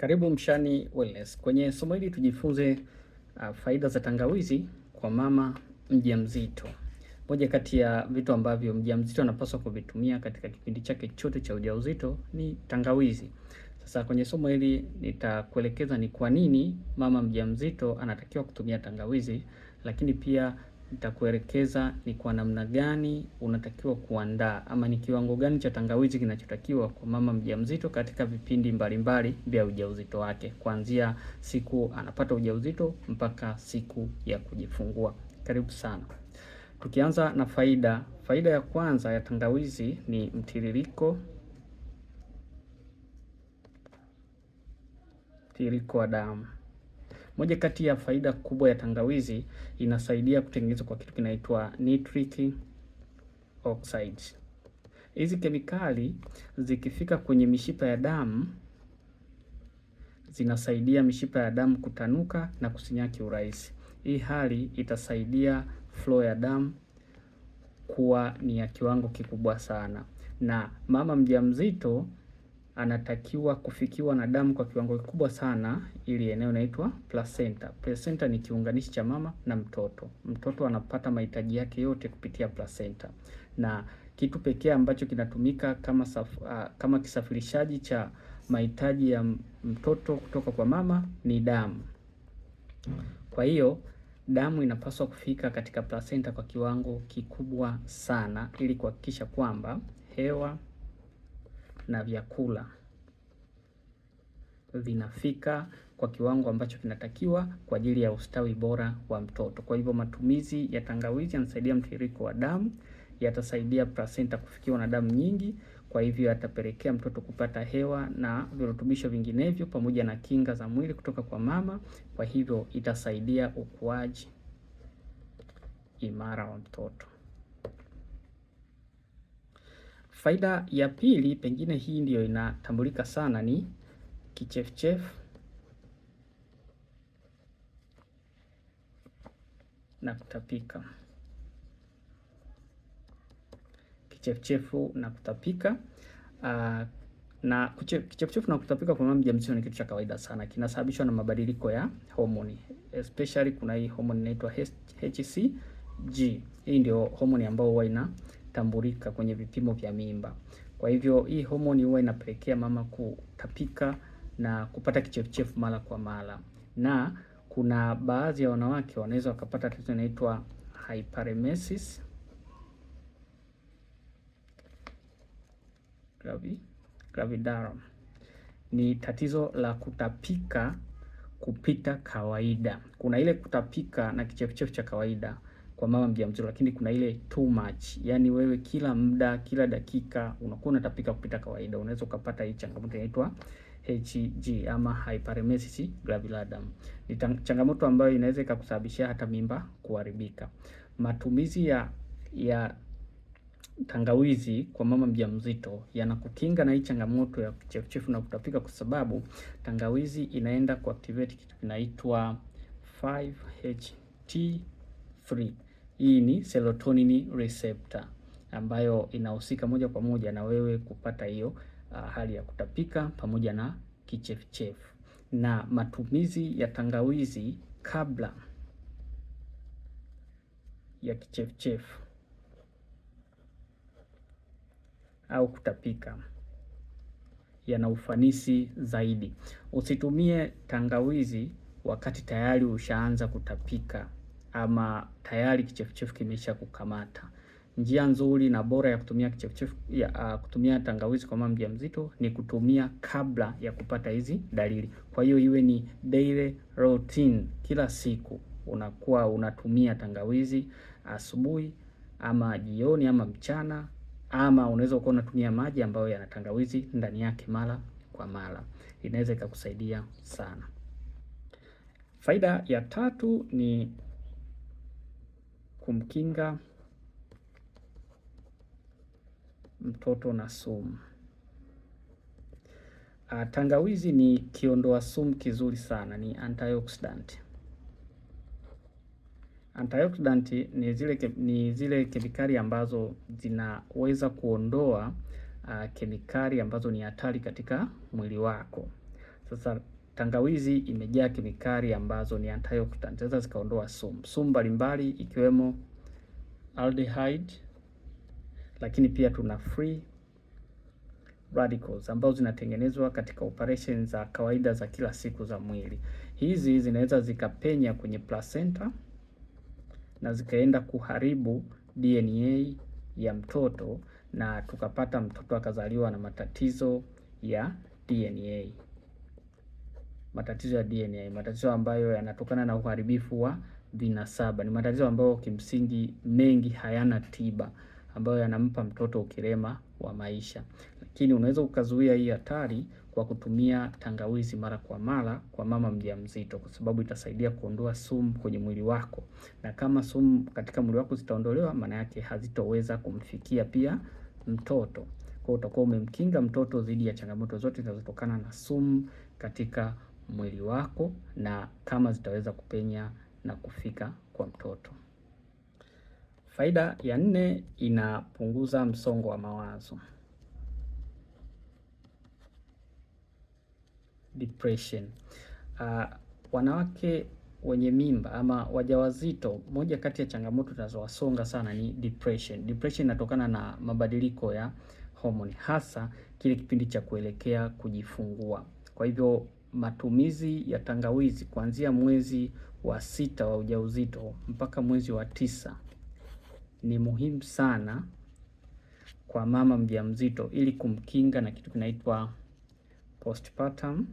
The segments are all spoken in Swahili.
Karibu Mshani Wellness. Kwenye somo hili tujifunze uh, faida za tangawizi kwa mama mjamzito. Moja kati ya vitu ambavyo mjamzito anapaswa kuvitumia katika kipindi chake chote cha ujauzito ni tangawizi. Sasa kwenye somo hili nitakuelekeza ni kwa nini mama mjamzito anatakiwa kutumia tangawizi, lakini pia nitakuelekeza ni kwa namna gani unatakiwa kuandaa ama ni kiwango gani cha tangawizi kinachotakiwa kwa mama mjamzito katika vipindi mbalimbali vya ujauzito wake kuanzia siku anapata ujauzito mpaka siku ya kujifungua. Karibu sana. Tukianza na faida, faida ya kwanza ya tangawizi ni mtiririko mtiririko wa damu. Moja kati ya faida kubwa ya tangawizi, inasaidia kutengenezwa kwa kitu kinaitwa nitric oxide. Hizi kemikali zikifika kwenye mishipa ya damu zinasaidia mishipa ya damu kutanuka na kusinya kiurahisi. Hii hali itasaidia flow ya damu kuwa ni ya kiwango kikubwa sana, na mama mjamzito anatakiwa kufikiwa na damu kwa kiwango kikubwa sana, ili eneo inaitwa placenta. Placenta ni kiunganishi cha mama na mtoto. Mtoto anapata mahitaji yake yote kupitia placenta, na kitu pekee ambacho kinatumika kama, saf, uh, kama kisafirishaji cha mahitaji ya mtoto kutoka kwa mama ni damu. Kwa hiyo damu inapaswa kufika katika placenta kwa kiwango kikubwa sana, ili kuhakikisha kwamba hewa na vyakula vinafika kwa kiwango ambacho kinatakiwa kwa ajili ya ustawi bora wa mtoto. Kwa hivyo matumizi ya tangawizi yanasaidia mtiririko wa damu, yatasaidia placenta kufikiwa na damu nyingi, kwa hivyo yatapelekea mtoto kupata hewa na virutubisho vinginevyo pamoja na kinga za mwili kutoka kwa mama, kwa hivyo itasaidia ukuaji imara wa mtoto. Faida ya pili, pengine hii ndiyo inatambulika sana, ni kichefuchefu na kutapika. Kichefuchefu na kutapika uh, na kichefuchefu na kutapika kwa mama mjamzito ni kitu cha kawaida sana, kinasababishwa na mabadiliko ya homoni, especially kuna hii homoni inaitwa HCG. Hii ndio homoni ambayo huwa ina kutambulika kwenye vipimo vya mimba. Kwa hivyo hii homoni huwa inapelekea mama kutapika na kupata kichefuchefu mara kwa mara, na kuna baadhi ya wanawake wanaweza wakapata tatizo inaitwa hyperemesis gravidarum. Ni tatizo la kutapika kupita kawaida. Kuna ile kutapika na kichefuchefu cha kawaida kwa mama mjamzito, lakini kuna ile too much, yani wewe kila muda kila dakika unakuwa unatapika kupita kawaida, unaweza ukapata hii changamoto inaitwa HG ama hyperemesis gravidarum. Ni changamoto ambayo inaweza ikakusababishia hata mimba kuharibika. Matumizi ya ya tangawizi kwa mama mjamzito yanakukinga na hii changamoto ya kichefuchefu na kutapika, kwa sababu tangawizi inaenda kuactivate kitu kinaitwa 5HT3 hii ni serotonin receptor ambayo inahusika moja kwa moja na wewe kupata hiyo uh, hali ya kutapika pamoja na kichefuchefu. Na matumizi ya tangawizi kabla ya kichefuchefu au kutapika yana ufanisi zaidi. Usitumie tangawizi wakati tayari ushaanza kutapika ama tayari kichefuchefu kimesha kukamata. Njia nzuri na bora ya kutumia kichefuchefu ya, uh, kutumia tangawizi kwa mama mjamzito ni kutumia kabla ya kupata hizi dalili. Kwa hiyo iwe ni daily routine, kila siku unakuwa unatumia tangawizi asubuhi ama jioni ama mchana, ama unaweza ukawa unatumia maji ambayo yana tangawizi ndani yake mara kwa mara, inaweza ikakusaidia sana. Faida ya tatu ni kumkinga mtoto na sumu. Ah, tangawizi ni kiondoa sumu kizuri sana, ni antioxidant. Antioxidant ni zile, ni zile kemikali ambazo zinaweza kuondoa uh, kemikali ambazo ni hatari katika mwili wako. Sasa Tangawizi imejaa kemikali ambazo ni antioxidant, zinaweza zikaondoa sumu sumu mbalimbali ikiwemo aldehyde, lakini pia tuna free radicals ambazo zinatengenezwa katika operation za kawaida za kila siku za mwili. Hizi zinaweza zikapenya kwenye placenta na zikaenda kuharibu DNA ya mtoto na tukapata mtoto akazaliwa na matatizo ya DNA matatizo ya DNA, matatizo ambayo yanatokana na uharibifu wa vinasaba. Ni matatizo ambayo kimsingi mengi hayana tiba, ambayo yanampa mtoto ukirema wa maisha, lakini unaweza ukazuia hii hatari kwa kutumia tangawizi mara kwa mara kwa mama mjamzito, kwa sababu itasaidia kuondoa sumu kwenye mwili wako, na kama sumu katika mwili wako zitaondolewa, maana yake hazitoweza kumfikia pia mtoto. Kwa hiyo utakuwa umemkinga mtoto dhidi ya changamoto zote zinazotokana na sumu katika mwili wako na kama zitaweza kupenya na kufika kwa mtoto. Faida ya nne, inapunguza msongo wa mawazo depression. Uh, wanawake wenye mimba ama wajawazito, moja kati ya changamoto zinazowasonga sana ni depression. Depression inatokana na mabadiliko ya homoni, hasa kile kipindi cha kuelekea kujifungua. Kwa hivyo matumizi ya tangawizi kuanzia mwezi wa sita wa ujauzito mpaka mwezi wa tisa ni muhimu sana kwa mama mjamzito ili kumkinga na kitu kinaitwa postpartum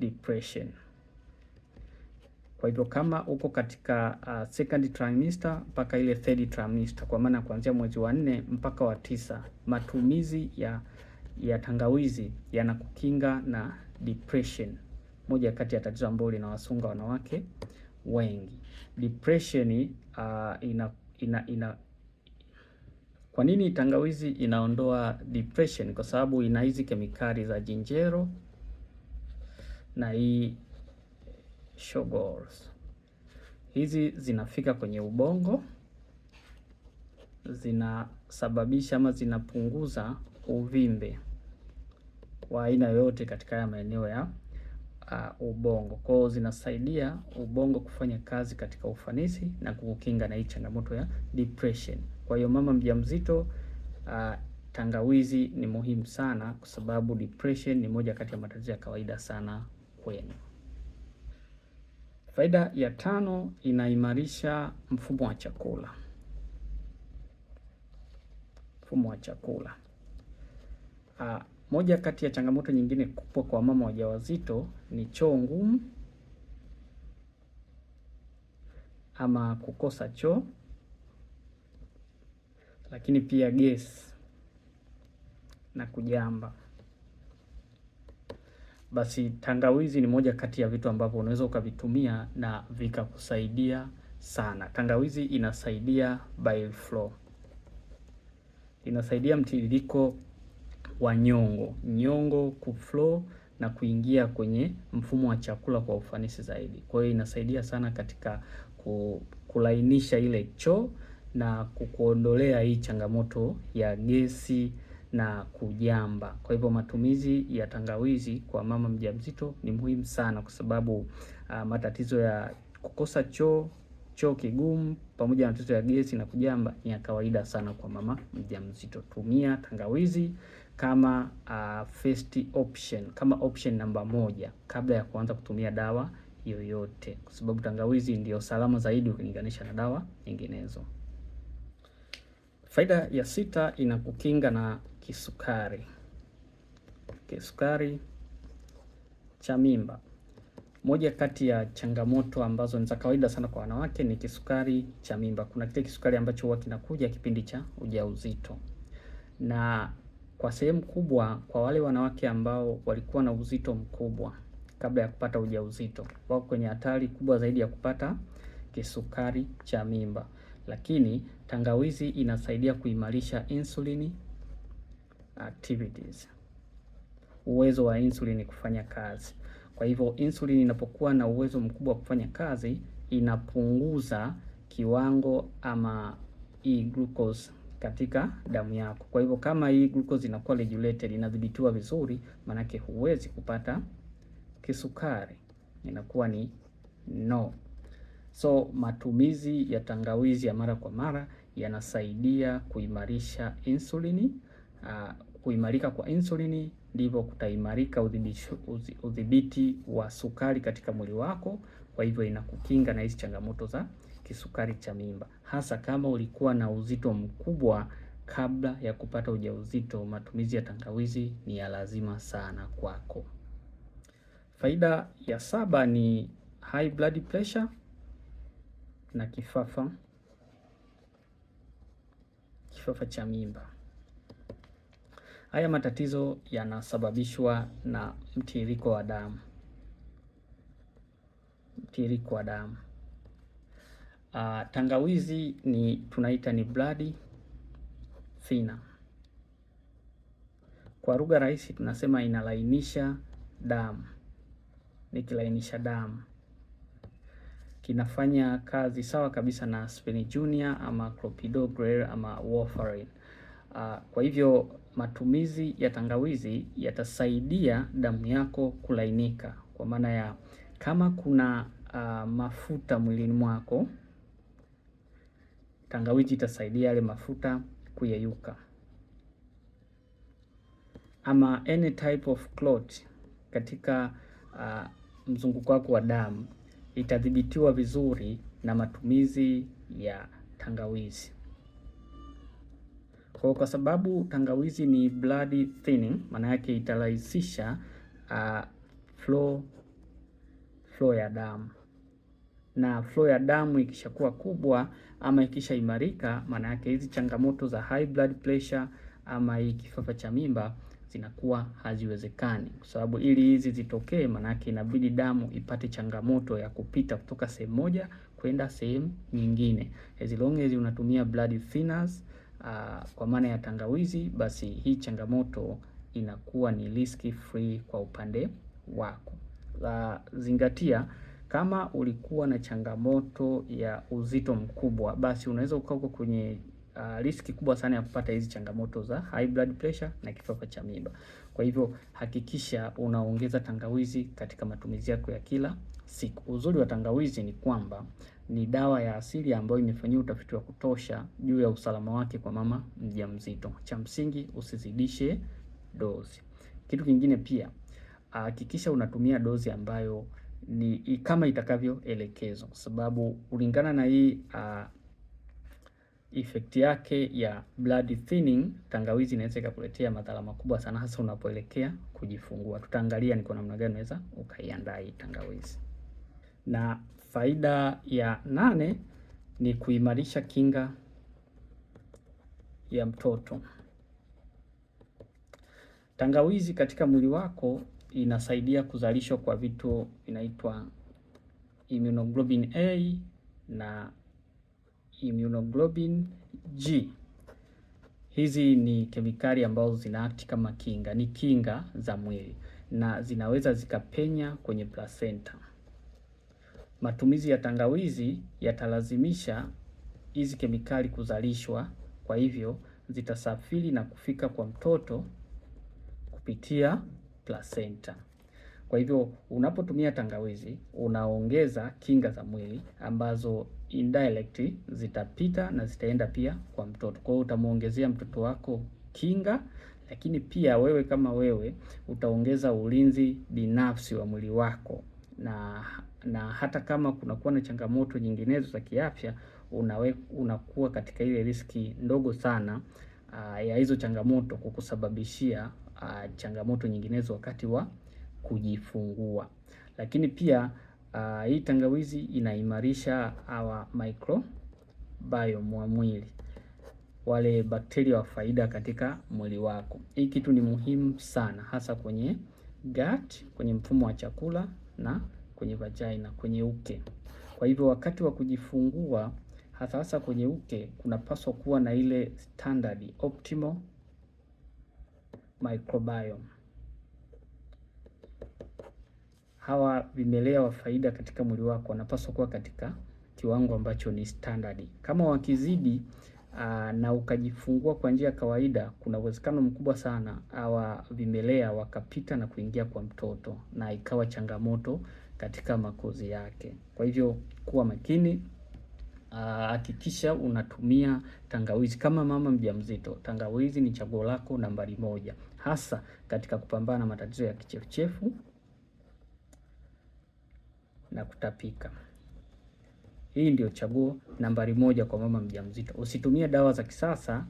depression. Kwa hivyo kama uko katika uh, second trimester mpaka ile third trimester, kwa maana kuanzia mwezi wa nne mpaka wa tisa matumizi ya ya tangawizi yanakukinga na depression, moja kati ya tatizo ambalo linawasunga wanawake wengi. Depression uh, ina, ina, ina kwa nini tangawizi inaondoa depression? Kwa sababu ina hizi kemikali za jinjero na hii sugars. hizi zinafika kwenye ubongo, zinasababisha ama zinapunguza uvimbe wa aina yoyote katika haya maeneo ya uh, ubongo. Kwa hiyo zinasaidia ubongo kufanya kazi katika ufanisi na kukukinga na hii changamoto ya depression. Kwa hiyo mama mjamzito uh, tangawizi ni muhimu sana kwa sababu depression ni moja kati ya matatizo ya kawaida sana kwenu. Faida ya tano, inaimarisha mfumo wa chakula. Mfumo wa chakula Ah, moja kati ya changamoto nyingine kubwa kwa mama wajawazito ni choo ngumu ama kukosa choo, lakini pia gesi na kujamba. Basi tangawizi ni moja kati ya vitu ambavyo unaweza ukavitumia na vikakusaidia sana. Tangawizi inasaidia bile flow, inasaidia mtiririko wa nyongo, nyongo kuflow na kuingia kwenye mfumo wa chakula kwa ufanisi zaidi. Kwa hiyo inasaidia sana katika kulainisha ile choo na kukuondolea hii changamoto ya gesi na kujamba. Kwa hivyo matumizi ya tangawizi kwa mama mjamzito ni muhimu sana, kwa sababu uh, matatizo ya kukosa choo, choo kigumu, pamoja na matatizo ya gesi na kujamba ni ya kawaida sana kwa mama mjamzito. Tumia tangawizi kama uh, first option, kama option namba moja kabla ya kuanza kutumia dawa yoyote, kwa sababu tangawizi ndiyo salama zaidi ukilinganisha na dawa nyinginezo. Faida ya sita inakukinga na kisukari. Kisukari cha mimba, moja kati ya changamoto ambazo ni za kawaida sana kwa wanawake ni kisukari cha mimba. Kuna kile kisukari ambacho huwa kinakuja kipindi cha ujauzito na kwa sehemu kubwa kwa wale wanawake ambao walikuwa na uzito mkubwa kabla ya kupata ujauzito, wako kwenye hatari kubwa zaidi ya kupata kisukari cha mimba. Lakini tangawizi inasaidia kuimarisha insulin activities, uwezo wa insulin kufanya kazi. Kwa hivyo insulin inapokuwa na uwezo mkubwa wa kufanya kazi, inapunguza kiwango ama hii e glucose katika damu yako. Kwa hivyo kama hii glucose inakuwa regulated, inadhibitiwa vizuri, manake huwezi kupata kisukari, inakuwa ni no. So matumizi ya tangawizi ya mara kwa mara yanasaidia kuimarisha insulini. Uh, ah, kuimarika kwa insulini ndivyo kutaimarika udhibiti wa sukari katika mwili wako, kwa hivyo inakukinga na hizi changamoto za kisukari cha mimba, hasa kama ulikuwa na uzito mkubwa kabla ya kupata ujauzito. Matumizi ya tangawizi ni ya lazima sana kwako. Faida ya saba ni high blood pressure na kifafa, kifafa cha mimba. Haya matatizo yanasababishwa na mtiririko wa damu, mtiririko wa damu. Uh, tangawizi ni tunaita ni blood thinner. Kwa lugha rahisi tunasema inalainisha damu, nikilainisha damu kinafanya kazi sawa kabisa na Spin Junior ama Clopidogrel ama Warfarin. Uh, kwa hivyo matumizi ya tangawizi yatasaidia damu yako kulainika, kwa maana ya kama kuna uh, mafuta mwilini mwako Tangawizi itasaidia yale mafuta kuyeyuka. Ama any type of clot katika uh, mzunguko wako wa damu itadhibitiwa vizuri na matumizi ya tangawizi. Kwa, kwa sababu tangawizi ni blood thinning, maana yake itarahisisha uh, flow flow ya damu na flow ya damu ikishakuwa kubwa ama ikishaimarika, maana yake hizi changamoto za high blood pressure ama hii kifafa cha mimba zinakuwa haziwezekani, kwa sababu ili hizi zitokee, maana yake inabidi damu ipate changamoto ya kupita kutoka sehemu moja kwenda sehemu nyingine. As long as unatumia blood thinners uh, kwa maana ya tangawizi, basi hii changamoto inakuwa ni risk free kwa upande wako. La, zingatia kama ulikuwa na changamoto ya uzito mkubwa, basi unaweza ukawa kwenye uh, riski kubwa sana ya kupata hizi changamoto za high blood pressure na kifafa cha mimba. Kwa hivyo hakikisha unaongeza tangawizi katika matumizi yako ya kila siku. Uzuri wa tangawizi ni kwamba ni dawa ya asili ambayo imefanyiwa utafiti wa kutosha juu ya usalama wake kwa mama mjamzito. Cha msingi usizidishe dozi. Kitu kingine pia hakikisha unatumia dozi ambayo ni kama itakavyoelekezwa, kwa sababu kulingana na hii uh, effect yake ya blood thinning, tangawizi inaweza ikakuletea madhara makubwa sana, hasa unapoelekea kujifungua. Tutaangalia ni kwa namna gani unaweza ukaiandaa hii tangawizi. Na faida ya nane ni kuimarisha kinga ya mtoto. Tangawizi katika mwili wako inasaidia kuzalishwa kwa vitu vinaitwa immunoglobulin A na immunoglobulin G. Hizi ni kemikali ambazo zinaakti kama kinga, ni kinga za mwili na zinaweza zikapenya kwenye placenta. Matumizi ya tangawizi yatalazimisha hizi kemikali kuzalishwa, kwa hivyo zitasafiri na kufika kwa mtoto kupitia placenta. Kwa hivyo unapotumia tangawizi unaongeza kinga za mwili ambazo indirect zitapita na zitaenda pia kwa mtoto. Kwa hiyo utamwongezea mtoto wako kinga, lakini pia wewe kama wewe utaongeza ulinzi binafsi wa mwili wako, na na hata kama kunakuwa na changamoto nyinginezo za kiafya, unawe unakuwa katika ile riski ndogo sana uh, ya hizo changamoto kukusababishia uh, changamoto nyinginezo wakati wa kujifungua. Lakini pia uh, hii tangawizi inaimarisha hawa microbiome wa mwili, wale bakteria wa faida katika mwili wako. Hii kitu ni muhimu sana, hasa kwenye gut, kwenye mfumo wa chakula na kwenye vagina, kwenye uke. Kwa hivyo wakati wa kujifungua hasa hasa kwenye uke kunapaswa kuwa na ile standard optimal microbiome. Hawa vimelea wa faida katika mwili wako wanapaswa kuwa katika kiwango ambacho ni standard. Kama wakizidi uh, na ukajifungua kwa njia ya kawaida, kuna uwezekano mkubwa sana hawa vimelea wakapita na kuingia kwa mtoto na ikawa changamoto katika makuzi yake. Kwa hivyo kuwa makini. Ah, hakikisha unatumia tangawizi kama mama mjamzito. Tangawizi ni chaguo lako nambari moja hasa katika kupambana na matatizo ya kichefuchefu na kutapika. Hii ndio chaguo nambari moja kwa mama mjamzito. Usitumie dawa za kisasa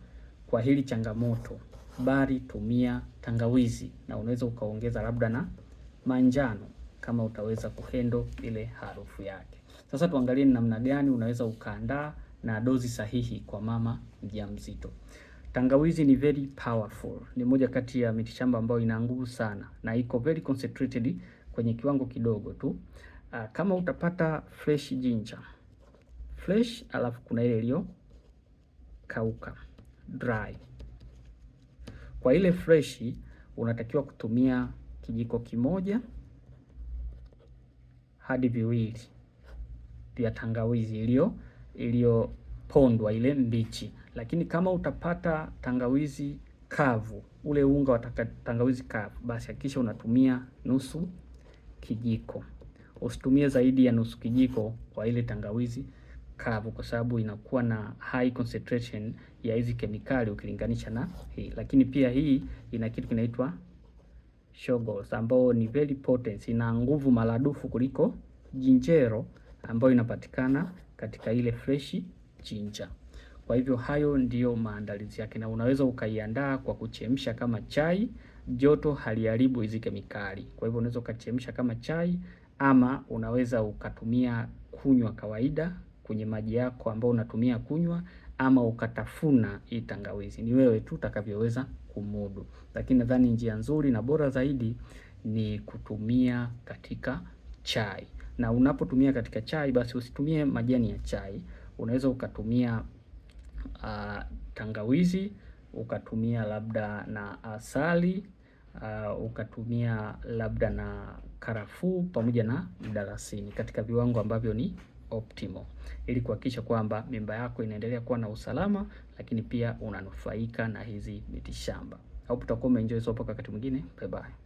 kwa hili changamoto, bali tumia tangawizi na unaweza ukaongeza labda na manjano kama utaweza kuhendo ile harufu yake. Sasa tuangalie ni namna gani unaweza ukaandaa na dozi sahihi kwa mama mjamzito. Tangawizi ni very powerful, ni moja kati ya mitishamba ambayo ina nguvu sana na iko very concentrated kwenye kiwango kidogo tu. Uh, kama utapata fresh ginger fresh, alafu kuna ile iliyo kauka dry. Kwa ile fresh unatakiwa kutumia kijiko kimoja hadi viwili vya tangawizi iliyo iliyopondwa ile mbichi. Lakini kama utapata tangawizi kavu, ule unga wa tangawizi kavu, basi hakikisha unatumia nusu kijiko, usitumie zaidi ya nusu kijiko kwa ile tangawizi kavu, kwa sababu inakuwa na high concentration ya hizi kemikali ukilinganisha na hii. Lakini pia hii ina kitu kinaitwa shoggols ambao ni very potent, ina nguvu maradufu kuliko jinjero ambayo inapatikana katika ile fresh ginger. Kwa hivyo hayo ndiyo maandalizi yake, na unaweza ukaiandaa kwa kuchemsha kama chai. Joto haliharibu hizi kemikali, kwa hivyo unaweza ukachemsha kama chai, ama unaweza ukatumia kunywa kawaida kwenye maji yako ambayo unatumia kunywa, ama ukatafuna hii tangawizi. Ni wewe tu utakavyoweza kumudu, lakini nadhani njia nzuri na bora zaidi ni kutumia katika chai. Na unapotumia katika chai, basi usitumie majani ya chai, unaweza ukatumia uh, tangawizi, ukatumia labda na asali uh, ukatumia labda na karafuu pamoja na mdalasini katika viwango ambavyo ni optimal ili kuhakikisha kwamba mimba yako inaendelea kuwa na usalama, lakini pia unanufaika na hizi mitishamba. Au utakuwa umeenjoy. So mpaka wakati mwingine, bye bye.